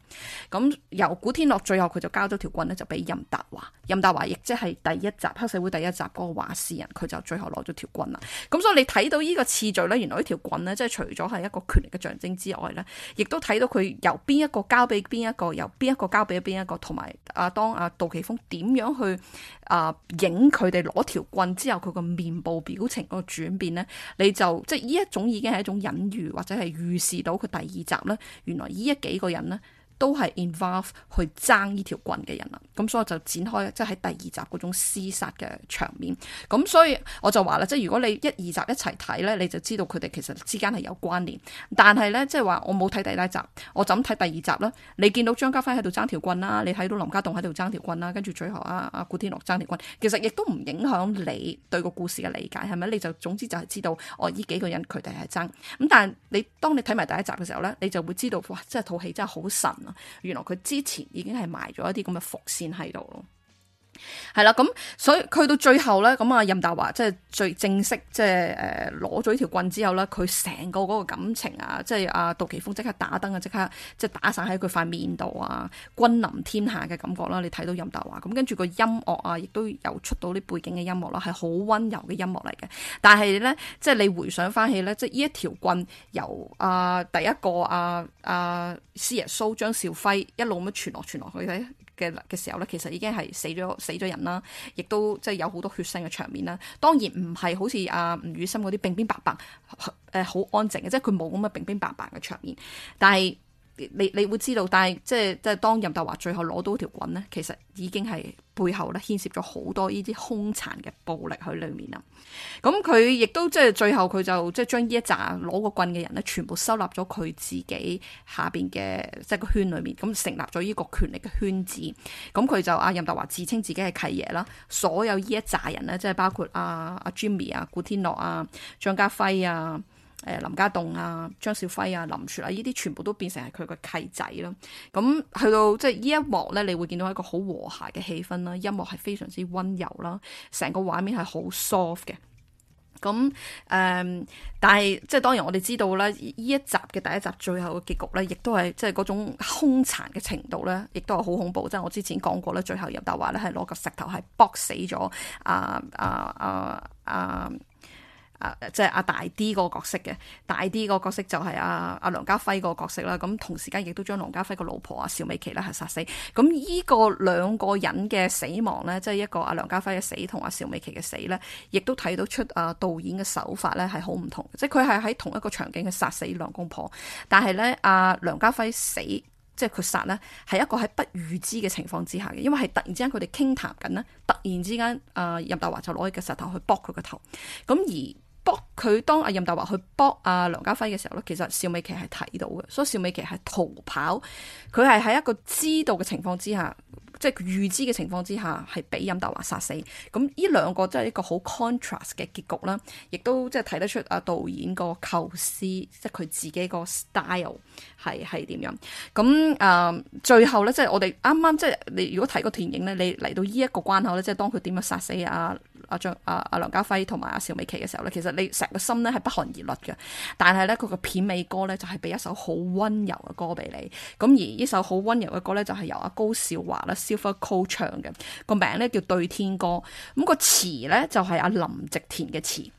咁由古天樂最後佢就交咗條棍咧，就俾任達華。任達華亦即係第一集《黑社會》第一集嗰個話事人，佢就最後攞咗條棍啦。咁所以你睇到呢個次序咧，原來呢條棍呢，即係除咗係一個權力嘅象徵之外咧，亦都睇到佢由邊一個交俾邊一個，由邊一個交俾邊一個，同埋啊，當啊杜琪峰點樣去。啊！影佢哋攞條棍之後，佢個面部表情嗰個轉變咧，你就即係呢一種已經係一種隱喻，或者係預示到佢第二集咧，原來呢一幾個人咧。都係 involve 去爭呢條棍嘅人啦，咁所以就展開即係喺第二集嗰種廝殺嘅場面，咁所以我就話啦、就是，即係如果你一二集一齊睇呢，你就知道佢哋其實之間係有關聯。但係呢，即係話我冇睇第一集，我就睇第二集啦。你見到張家輝喺度爭條棍啦，你睇到林家棟喺度爭條棍啦，跟住最後啊阿古天樂爭條棍，其實亦都唔影響你對個故事嘅理解，係咪？你就總之就係知道哦，呢幾個人佢哋係爭。咁但係你當你睇埋第一集嘅時候呢，你就會知道哇，真係套戲真係好神啊！原來佢之前已經係埋咗一啲咁嘅伏線喺度咯。係啦，咁所以去到最後咧，咁啊任達華即係最正式，即係誒攞咗呢條棍之後咧，佢成個嗰個感情啊，即係阿杜琪峰即刻打燈啊，即刻即係打晒喺佢塊面度啊，君臨天下嘅感覺啦，你睇到任達華咁，跟住個音樂啊，亦都有出到啲背景嘅音樂啦，係好溫柔嘅音樂嚟嘅。但係咧，即係你回想翻起咧，即係呢一條棍由阿、啊、第一個阿阿師爺蘇張兆輝一路咁樣傳落傳落去睇。嘅嘅時候咧，其實已經係死咗死咗人啦，亦都即係有好多血腥嘅場面啦。當然唔係好似阿吳宇森嗰啲冰冰白白誒好、呃、安靜嘅，即係佢冇咁嘅冰冰白白嘅場面，但係。你你會知道，但係即係即係，當任達華最後攞到條棍咧，其實已經係背後咧牽涉咗好多呢啲兇殘嘅暴力喺裏面啦。咁佢亦都即係最後佢就即係將呢一紮攞個棍嘅人咧，全部收納咗佢自己下邊嘅即係個圈裏面，咁成立咗呢個權力嘅圈子。咁佢就阿任達華自稱自己係契爺啦，所有呢一紮人咧，即係包括阿、啊、阿、啊、Jimmy 啊、古天樂啊、張家輝啊。誒、呃、林家棟啊、張少輝啊、林雪啊，呢啲全部都變成係佢個契仔啦。咁去到即係呢一幕咧，你會見到一個好和諧嘅氣氛啦，音樂係非常之温柔啦，成個畫面係好 soft 嘅。咁誒、嗯，但係即係當然我哋知道啦，呢一集嘅第一集最後嘅結局咧，亦都係即係嗰種兇殘嘅程度咧，亦都係好恐怖。即係我之前講過咧，最後任達華咧係攞個石頭係搏死咗啊啊啊啊！呃呃呃呃呃即係阿大啲個角色，嘅大啲個角色就係阿阿梁家輝個角色啦。咁同時間亦都將梁家輝個老婆啊，邵美琪呢係殺死。咁呢個兩個人嘅死亡呢，即係一個阿梁家輝嘅死同阿邵美琪嘅死呢，亦都睇到出啊導演嘅手法呢係好唔同。即係佢係喺同一個場景去殺死梁公婆，但係呢阿梁家輝死，即係佢殺呢，係一個喺不預知嘅情況之下嘅，因為係突然之間佢哋傾談緊呢，突然之間啊任達華就攞起個石頭去扑佢個頭，咁而，搏佢，當阿任達華去搏阿梁家輝嘅時候咧，其實邵美琪係睇到嘅，所以邵美琪係逃跑，佢係喺一個知道嘅情況之下。即係預知嘅情況之下，係俾任達華殺死。咁呢兩個即係一個好 contrast 嘅結局啦，亦都即係睇得出阿導演個構思，即係佢自己個 style 係係點樣。咁、嗯、誒最後咧，即係我哋啱啱即係你如果睇個電影咧，你嚟到呢一個關口咧，即係當佢點樣殺死阿阿張阿阿梁家輝同埋阿邵美琪嘅時候咧，其實你成個心咧係不寒而栗嘅。但係咧，佢個片尾歌咧就係俾一首好温柔嘅歌俾你。咁而呢首好温柔嘅歌咧，就係由阿高少華啦。s Co 唱嘅個名咧叫《對天歌》，咁個詞咧就係阿林夕填嘅詞。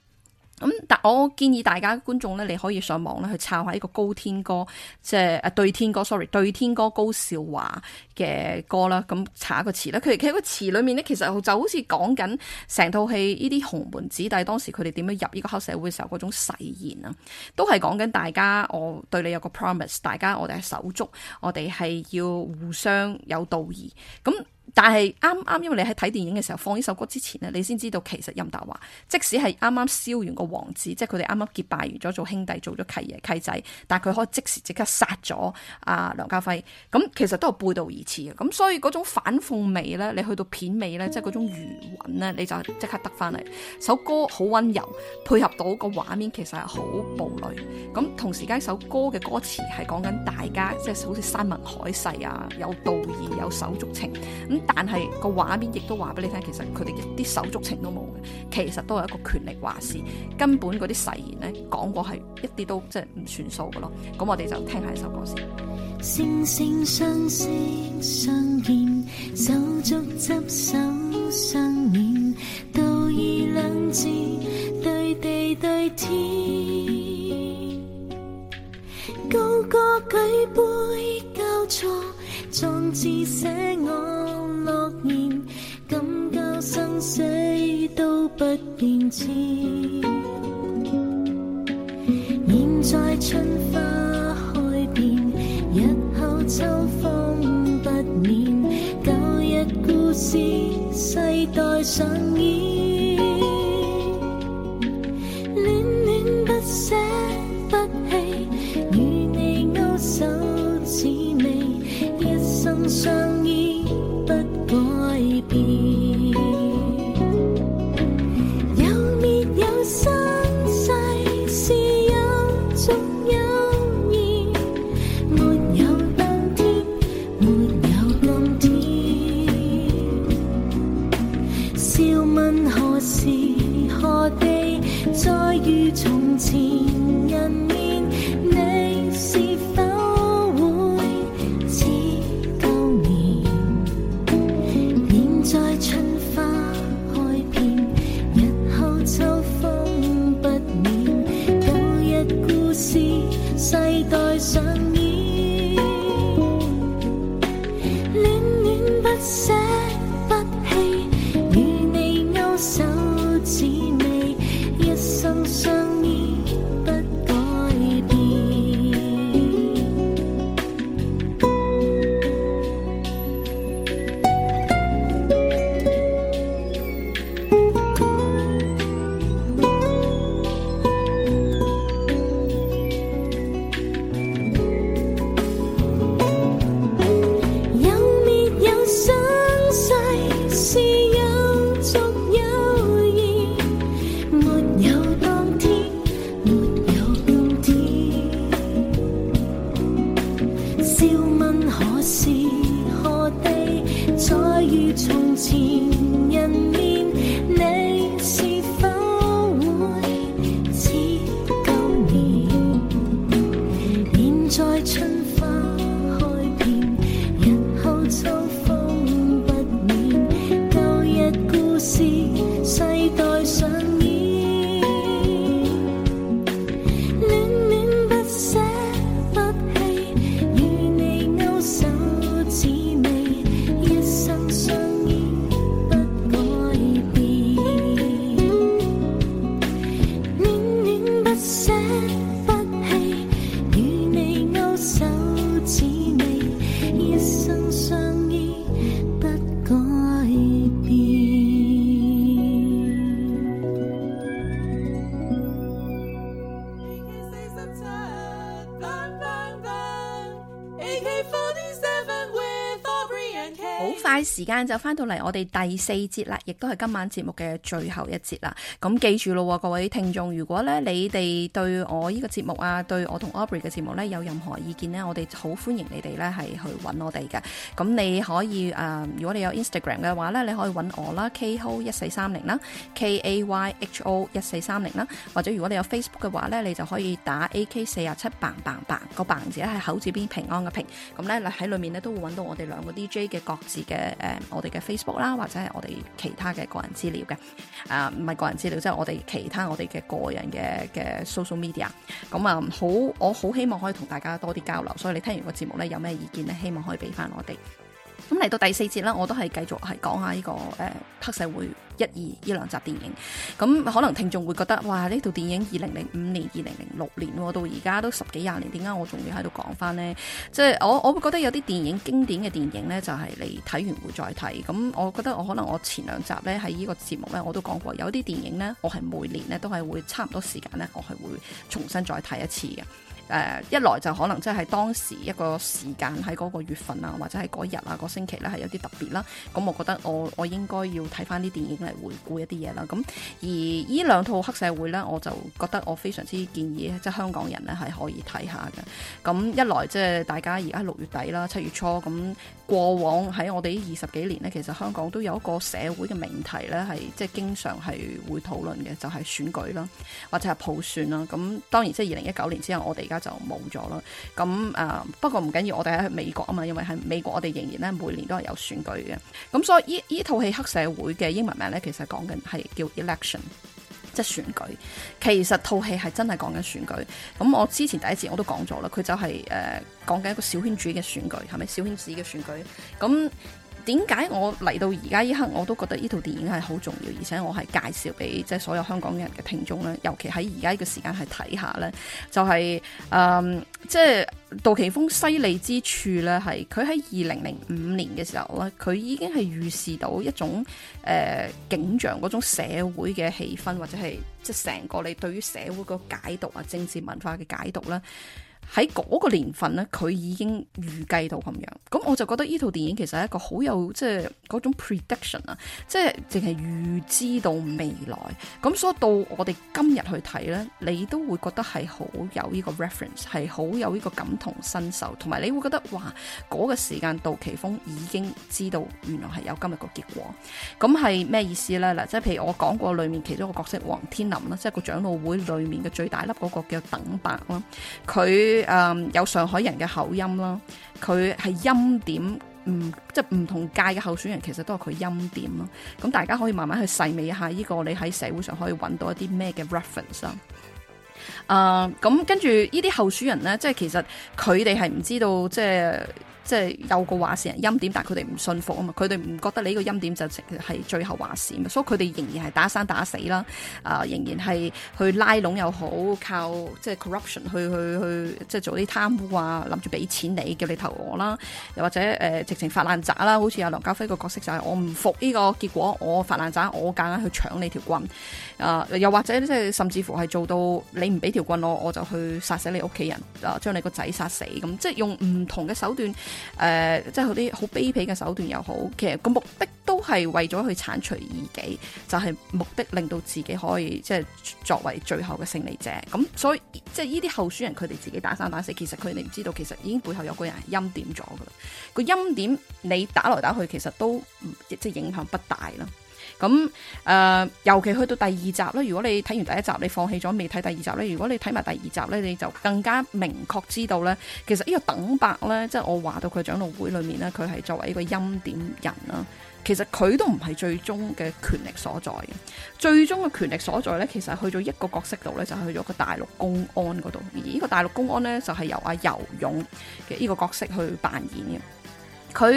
咁但我建議大家觀眾咧，你可以上網咧去抄下呢個高天歌，即係啊對天歌，sorry 對天歌高少華嘅歌啦，咁查一個詞啦。佢哋喺個詞裏面咧，其實就好似講緊成套戲呢啲洪門子弟當時佢哋點樣入呢個黑社會嘅時候嗰種誓言啊，都係講緊大家我對你有個 promise，大家我哋係手足，我哋係要互相有道義，咁。但係啱啱，因為你喺睇電影嘅時候放呢首歌之前咧，你先知道其實任達華即使係啱啱燒完個王子，即係佢哋啱啱結拜完咗做兄弟、做咗契爺契仔，但係佢可以即時即刻殺咗阿梁家輝。咁其實都係背道而馳嘅。咁所以嗰種反諷味呢，你去到片尾呢，即係嗰種餘韻咧，你就即刻得翻嚟。首歌好温柔，配合到個畫面其實係好暴戾。咁同時間首歌嘅歌詞係講緊大家，即係好似山盟海誓啊，有道義有手足情。咁但係個畫面亦都話俾你聽，其實佢哋一啲手足情都冇嘅，其實都係一個權力話事，根本嗰啲誓言咧講過係一啲都即係唔算數嘅咯。咁我哋就聽下一首歌先。聲聲相識相見，手足執手相勉，道義兩字，對地對天。高歌舉杯交錯，壯志寫我諾言，今朝生死都不變遷。現在春花開遍，日後秋風不眠，舊日故事世代上演。從前人。就翻到嚟我哋第四節啦，亦都係今晚節目嘅最後一節啦。咁記住咯、啊，各位聽眾，如果咧你哋對我呢個節目啊，對我同 Aubrey 嘅節目咧有任何意見咧，我哋好歡迎你哋咧係去揾我哋嘅。咁你可以誒、呃，如果你有 Instagram 嘅話咧，你可以揾我啦，Kayho 一四三零啦，K A Y H O 一四三零啦，或者如果你有 Facebook 嘅話咧，你就可以打 A K 47呯呯呯、這個呯字咧係口字邊平安嘅平。咁咧喺裏面咧都會揾到我哋兩個 DJ 嘅各自嘅誒。呃我哋嘅 Facebook 啦，或者係我哋其他嘅個人資料嘅，啊，唔係個人資料，即係我哋其他我哋嘅個人嘅嘅 social media。咁啊、嗯，好，我好希望可以同大家多啲交流。所以你聽完個節目咧，有咩意見咧，希望可以俾翻我哋。咁嚟到第四節啦,我都係繼續係講下呢個誒黑社會一二呢兩集電影。咁可能聽眾會覺得哇，呢套電影二零零五年、二零零六年到而家都十幾廿年,點解我仲要喺度講翻呢？即係我我會覺得有啲電影經典嘅電影呢,就係你睇完會再睇。咁我覺得我可能我前兩集呢,喺呢個節目呢,我都講過有啲電影呢,我係每年呢,都係會差唔多時間呢,我係會重新再睇一次嘅。誒、uh, 一來就可能即係當時一個時間喺嗰個月份啊，或者係嗰日啊、個星期呢係有啲特別啦。咁我覺得我我應該要睇翻啲電影嚟回顧一啲嘢啦。咁而呢兩套黑社會呢，我就覺得我非常之建議即係、就是、香港人呢係可以睇下嘅。咁一來即係大家而家六月底啦，七月初咁。過往喺我哋二十幾年呢，其實香港都有一個社會嘅命題呢，係即係經常係會討論嘅，就係選舉啦，或者係普選啦。咁當然即係二零一九年之後，我哋而家就冇咗啦。咁誒不過唔緊要，我哋喺美國啊嘛，因為喺美國我哋仍然咧每年都係有選舉嘅。咁所以呢呢套戲《黑社會》嘅英文名呢，其實講緊係叫 election。即係選舉，其實套戲係真係講緊選舉。咁我之前第一次我都講咗啦，佢就係誒講緊一個小圈子嘅選舉，係咪小圈子嘅選舉？咁。點解我嚟到而家一刻，我都覺得呢套電影係好重要，而且我係介紹俾即係所有香港人嘅聽眾咧，尤其喺而家呢個時間係睇下咧，就係、是、誒、嗯，即係杜琪峰犀利之處咧，係佢喺二零零五年嘅時候咧，佢已經係預示到一種誒、呃、景象嗰種社會嘅氣氛，或者係即係成個你對於社會個解讀啊，政治文化嘅解讀啦。喺嗰個年份呢，佢已經預計到咁樣，咁我就覺得呢套電影其實係一個好有即係嗰種 prediction 啊，即係淨係預知到未來。咁所以到我哋今日去睇呢，你都會覺得係好有呢個 reference，係好有呢個感同身受，同埋你會覺得哇，嗰個時間杜琪峰已經知道原來係有今日個結果。咁係咩意思呢？嗱，即係譬如我講過裡面其中一個角色黃天林啦，即係個長老會裡面嘅最大粒嗰個，個叫鄧伯啦，佢。誒、嗯，有上海人嘅口音啦，佢係音點，唔，即係唔同界嘅候選人，其實都係佢音點咯。咁大家可以慢慢去細味一下呢個你喺社會上可以揾到一啲咩嘅 reference 啊。誒、嗯，咁、嗯、跟住呢啲候選人咧，即係其實佢哋係唔知道即係。即係有個話事人陰點，但係佢哋唔信服啊嘛，佢哋唔覺得你呢個陰點就係最後話事，所以佢哋仍然係打生打死啦，啊、呃，仍然係去拉攏又好，靠即係 corruption 去去去，即係做啲貪污啊，諗住俾錢你叫你投我啦，又或者誒、呃、直情發爛渣啦，好似阿梁家輝個角色就係我唔服呢、呢個結果，我發爛渣，我硬去搶你條棍啊、呃，又或者即係甚至乎係做到你唔俾條棍我，我就去殺死你屋企人啊、呃，將你個仔殺死咁，即係用唔同嘅手段。誒、呃，即係啲好卑鄙嘅手段又好，其實個目的都係為咗去鏟除異己，就係、是、目的令到自己可以即係作為最後嘅勝利者。咁、嗯、所以即係呢啲候選人，佢哋自己打生打死，其實佢哋唔知道，其實已經背後有個人係欽點咗㗎喇。那個欽點你打來打去，其實都唔即係影響不大啦。咁誒、嗯，尤其去到第二集咧，如果你睇完第一集，你放棄咗未睇第二集咧，如果你睇埋第二集咧，你就更加明確知道咧，其實呢個鄧伯咧，即係我話到佢長老會裏面咧，佢係作為一個欽點人啦。其實佢都唔係最終嘅權力所在，最終嘅權力所在咧，其實去咗一個角色度咧，就是、去咗個大陸公安嗰度。而呢個大陸公安咧，就係、是、由阿、啊、尤勇嘅呢個角色去扮演嘅。佢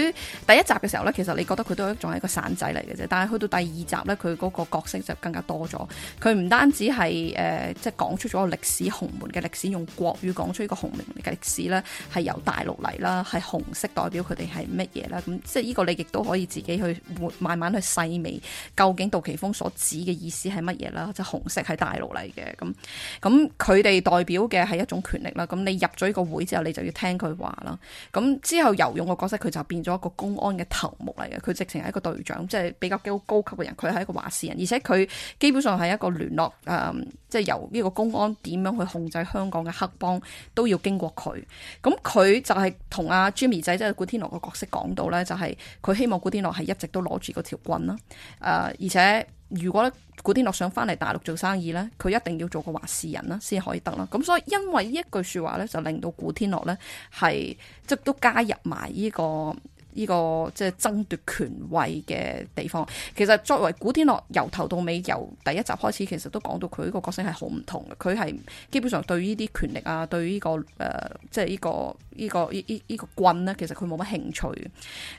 第一集嘅時候呢，其實你覺得佢都仲係一個散仔嚟嘅啫。但係去到第二集呢，佢嗰個角色就更加多咗。佢唔單止係誒、呃、即係講出咗歷史洪門嘅歷史，用國語講出一個洪門嘅歷史咧，係由大陸嚟啦，係紅色代表佢哋係乜嘢啦。咁、嗯、即係呢個你亦都可以自己去慢慢去細味究竟杜琪峰所指嘅意思係乜嘢啦。即係紅色係大陸嚟嘅，咁咁佢哋代表嘅係一種權力啦。咁、嗯、你入咗呢個會之後你就要聽佢話啦。咁、嗯、之後游泳嘅角色，佢就是。變咗一個公安嘅頭目嚟嘅，佢直情係一個隊長，即係比較幾高級嘅人。佢係一個話事人，而且佢基本上係一個聯絡，誒、呃，即係由呢個公安點樣去控制香港嘅黑幫，都要經過佢。咁佢就係同阿 Jimmy 仔即係古天樂嘅角色講到呢，就係、是、佢希望古天樂係一直都攞住嗰條棍啦，誒、呃，而且。如果咧古天樂想翻嚟大陸做生意咧，佢一定要做個話事人啦先可以得啦。咁所以因為呢一句説話咧，就令到古天樂咧係即都加入埋呢、呢個。呢、這個即係爭奪權位嘅地方。其實作為古天樂由頭到尾由第一集開始，其實都講到佢呢個角色係好唔同。佢係基本上對呢啲權力啊，對呢、這個誒、呃，即係呢、這個呢、這個呢呢呢個軍咧、這個，其實佢冇乜興趣。誒、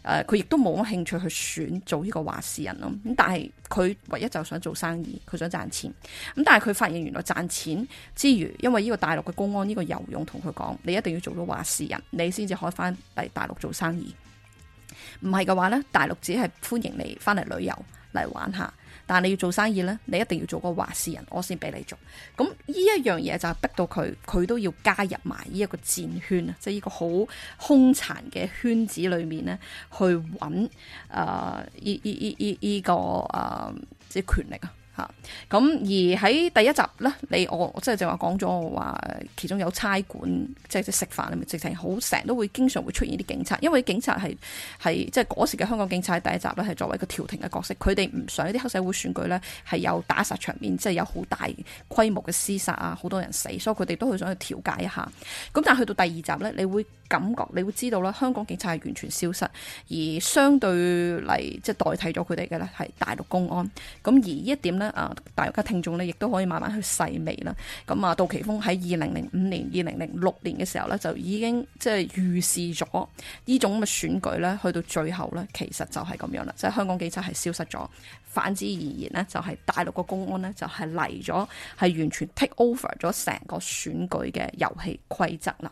呃，佢亦都冇乜興趣去選做呢個話事人咯。咁但係佢唯一就想做生意，佢想賺錢。咁但係佢發現原來賺錢之餘，因為呢個大陸嘅公安呢個游勇同佢講，你一定要做到話事人，你先至可以翻嚟大陸做生意。唔係嘅話呢，大陸只係歡迎你翻嚟旅遊嚟玩下，但係你要做生意呢，你一定要做個話事人，我先俾你做。咁呢一樣嘢就係逼到佢，佢都要加入埋呢一個戰圈啊，即係呢個好兇殘嘅圈子裏面呢，去搵誒依依依依個誒、呃、即係權力啊。咁、嗯、而喺第一集呢，你我我即係就話講咗，我話其中有差館，即係食飯你咪直情好成日都會經常會出現啲警察，因為警察係係即係嗰時嘅香港警察，第一集呢係作為一個調停嘅角色，佢哋唔想一啲黑社會選舉呢係有打殺場面，即係有好大規模嘅廝殺啊，好多人死，所以佢哋都好想去調解一下。咁但係去到第二集呢，你會感覺你會知道啦，香港警察係完全消失，而相對嚟即係代替咗佢哋嘅呢係大陸公安。咁而呢一點呢。啊！大家聽眾咧，亦都可以慢慢去細味啦。咁啊，杜琪峰喺二零零五年、二零零六年嘅時候咧，就已經即係預示咗呢種嘅選舉咧，去到最後咧，其實就係咁樣啦。即係香港警察係消失咗，反之而言呢，就係大陸個公安呢，就係嚟咗，係完全 take over 咗成個選舉嘅遊戲規則啦。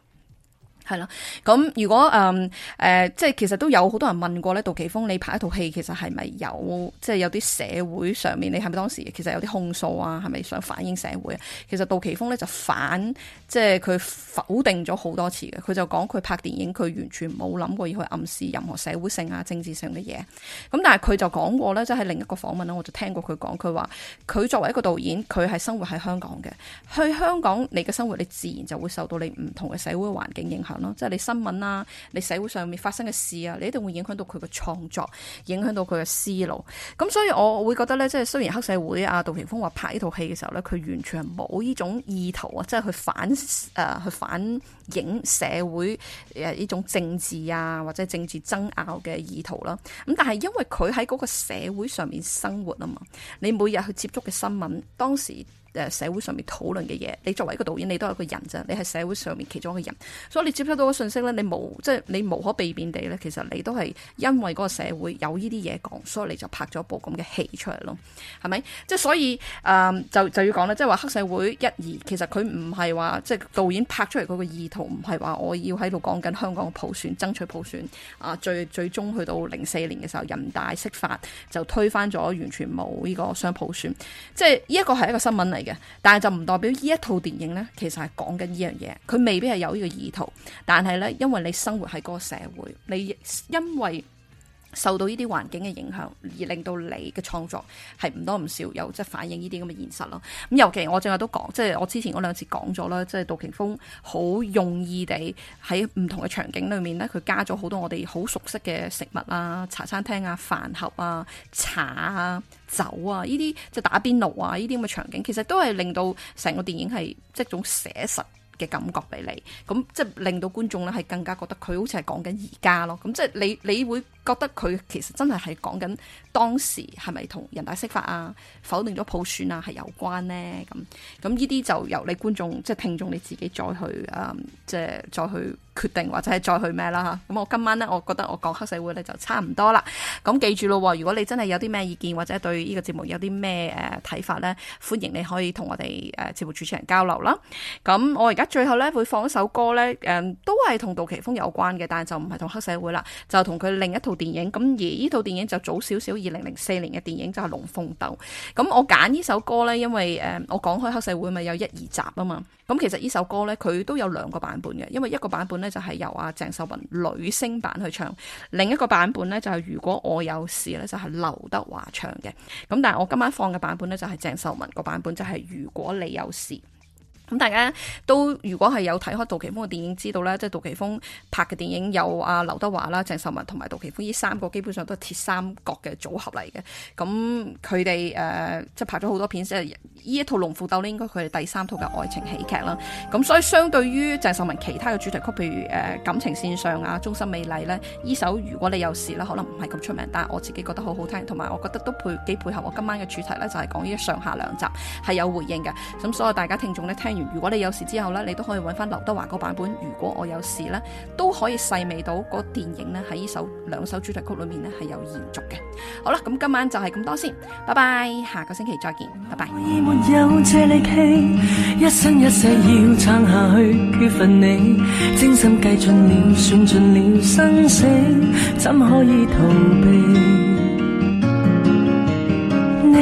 係啦，咁如果誒誒，即係其實都有好多人問過咧，杜琪峰，你拍一套戲，其實係咪有即係有啲社會上面，你係咪當時其實有啲控訴啊？係咪想反映社會啊？其實杜琪峰咧就反，即係佢否定咗好多次嘅，佢就講佢拍電影，佢完全冇諗過要去暗示任何社會性啊、政治性嘅嘢。咁但係佢就講過咧，即係另一個訪問咧，我就聽過佢講，佢話佢作為一個導演，佢係生活喺香港嘅，去香港你嘅生活，你自然就會受到你唔同嘅社會環境影響。即係你新聞啊，你社會上面發生嘅事啊，你一定會影響到佢嘅創作，影響到佢嘅思路。咁所以我會覺得咧，即係雖然黑社會啊，杜琪峰話拍呢套戲嘅時候咧，佢完全係冇呢種意圖啊，即係去反誒、呃、去反映社會誒、啊、呢種政治啊或者政治爭拗嘅意圖啦、啊。咁但係因為佢喺嗰個社會上面生活啊嘛，你每日去接觸嘅新聞當時。社會上面討論嘅嘢，你作為一個導演，你都係一個人啫，你係社會上面其中一個人，所以你接收到嘅信息呢，你無即係、就是、你無可避免地呢。其實你都係因為嗰個社會有呢啲嘢講，所以你就拍咗部咁嘅戲出嚟咯，係咪？即係所以誒、嗯，就就要講咧，即係話黑社會一二其實佢唔係話即係導演拍出嚟嗰個意圖，唔係話我要喺度講緊香港嘅普選，爭取普選啊，最最終去到零四年嘅時候，人大釋法就推翻咗完全冇呢個雙普選，即係呢一個係一個新聞嚟。但係就唔代表呢一套電影呢，其實係講緊呢樣嘢，佢未必係有呢個意圖。但係呢，因為你生活喺嗰個社會，你因為受到呢啲環境嘅影響，而令到你嘅創作係唔多唔少有即係反映呢啲咁嘅現實咯。咁、嗯、尤其我正話都講，即係我之前嗰兩次講咗啦，即係杜琪峰好用意地喺唔同嘅場景裏面呢，佢加咗好多我哋好熟悉嘅食物啊，茶餐廳啊，飯盒啊，茶啊。走啊！呢啲即係打邊爐啊！呢啲咁嘅場景，其實都係令到成個電影係即係一種寫實嘅感覺俾你。咁即係令到觀眾咧係更加覺得佢好似係講緊而家咯。咁即係你你會，覺得佢其實真係係講緊當時係咪同人大釋法啊、否定咗普選啊係有關呢？咁咁呢啲就由你觀眾即係聽眾你自己再去誒、嗯，即係再去決定或者係再去咩啦嚇。咁我今晚呢，我覺得我講黑社會呢就差唔多啦。咁記住咯，如果你真係有啲咩意見或者對呢個節目有啲咩誒睇法呢，歡迎你可以同我哋誒節目主持人交流啦。咁我而家最後呢，會放一首歌呢，誒、嗯、都係同杜琪峰有關嘅，但係就唔係同黑社會啦，就同佢另一套電影咁而呢套電影就早少少，二零零四年嘅電影就係、是《龍鳳鬥》。咁我揀呢首歌呢，因為誒，我講開黑社會咪有一二集啊嘛。咁其實呢首歌呢，佢都有兩個版本嘅，因為一個版本呢就係由阿鄭秀文女星版去唱，另一個版本呢就係、是、如果我有事呢就係、是、劉德華唱嘅。咁但係我今晚放嘅版本呢，就係鄭秀文個版本、就是，就係如果你有事。咁大家都如果係有睇開杜琪峰嘅電影，知道咧，即係杜琪峰拍嘅電影有阿劉德華啦、鄭秀文同埋杜琪峰呢三個基本上都係鐵三角嘅組合嚟嘅。咁佢哋誒即係拍咗好多片，即係呢一套《龍虎鬥》咧，應該佢係第三套嘅愛情喜劇啦。咁所以相對於鄭秀文其他嘅主題曲，譬如誒感情線上啊、終身美麗呢，呢首如果你有事啦，可能唔係咁出名，但係我自己覺得好好聽，同埋我覺得都配幾配合我今晚嘅主題呢，就係講呢上下兩集係有回應嘅。咁所以大家聽眾呢。聽。如果你有事之後咧，你都可以揾翻劉德華個版本。如果我有事咧，都可以細味到嗰電影咧，喺呢首兩首主題曲裏面咧，係有延續嘅。好啦，咁今晚就係咁多先，拜拜，下個星期再見，拜拜。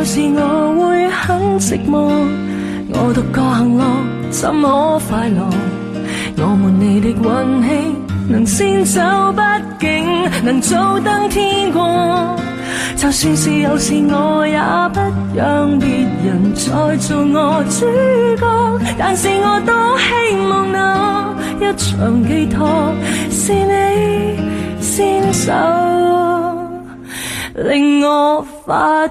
有時我會很寂寞，我獨個行樂，怎可快樂？我沒你的運氣，能先走，畢竟能早登天國。就算是有事，我也不讓別人再做我主角。但是我多希望那一場寄託，是你先走，令我發。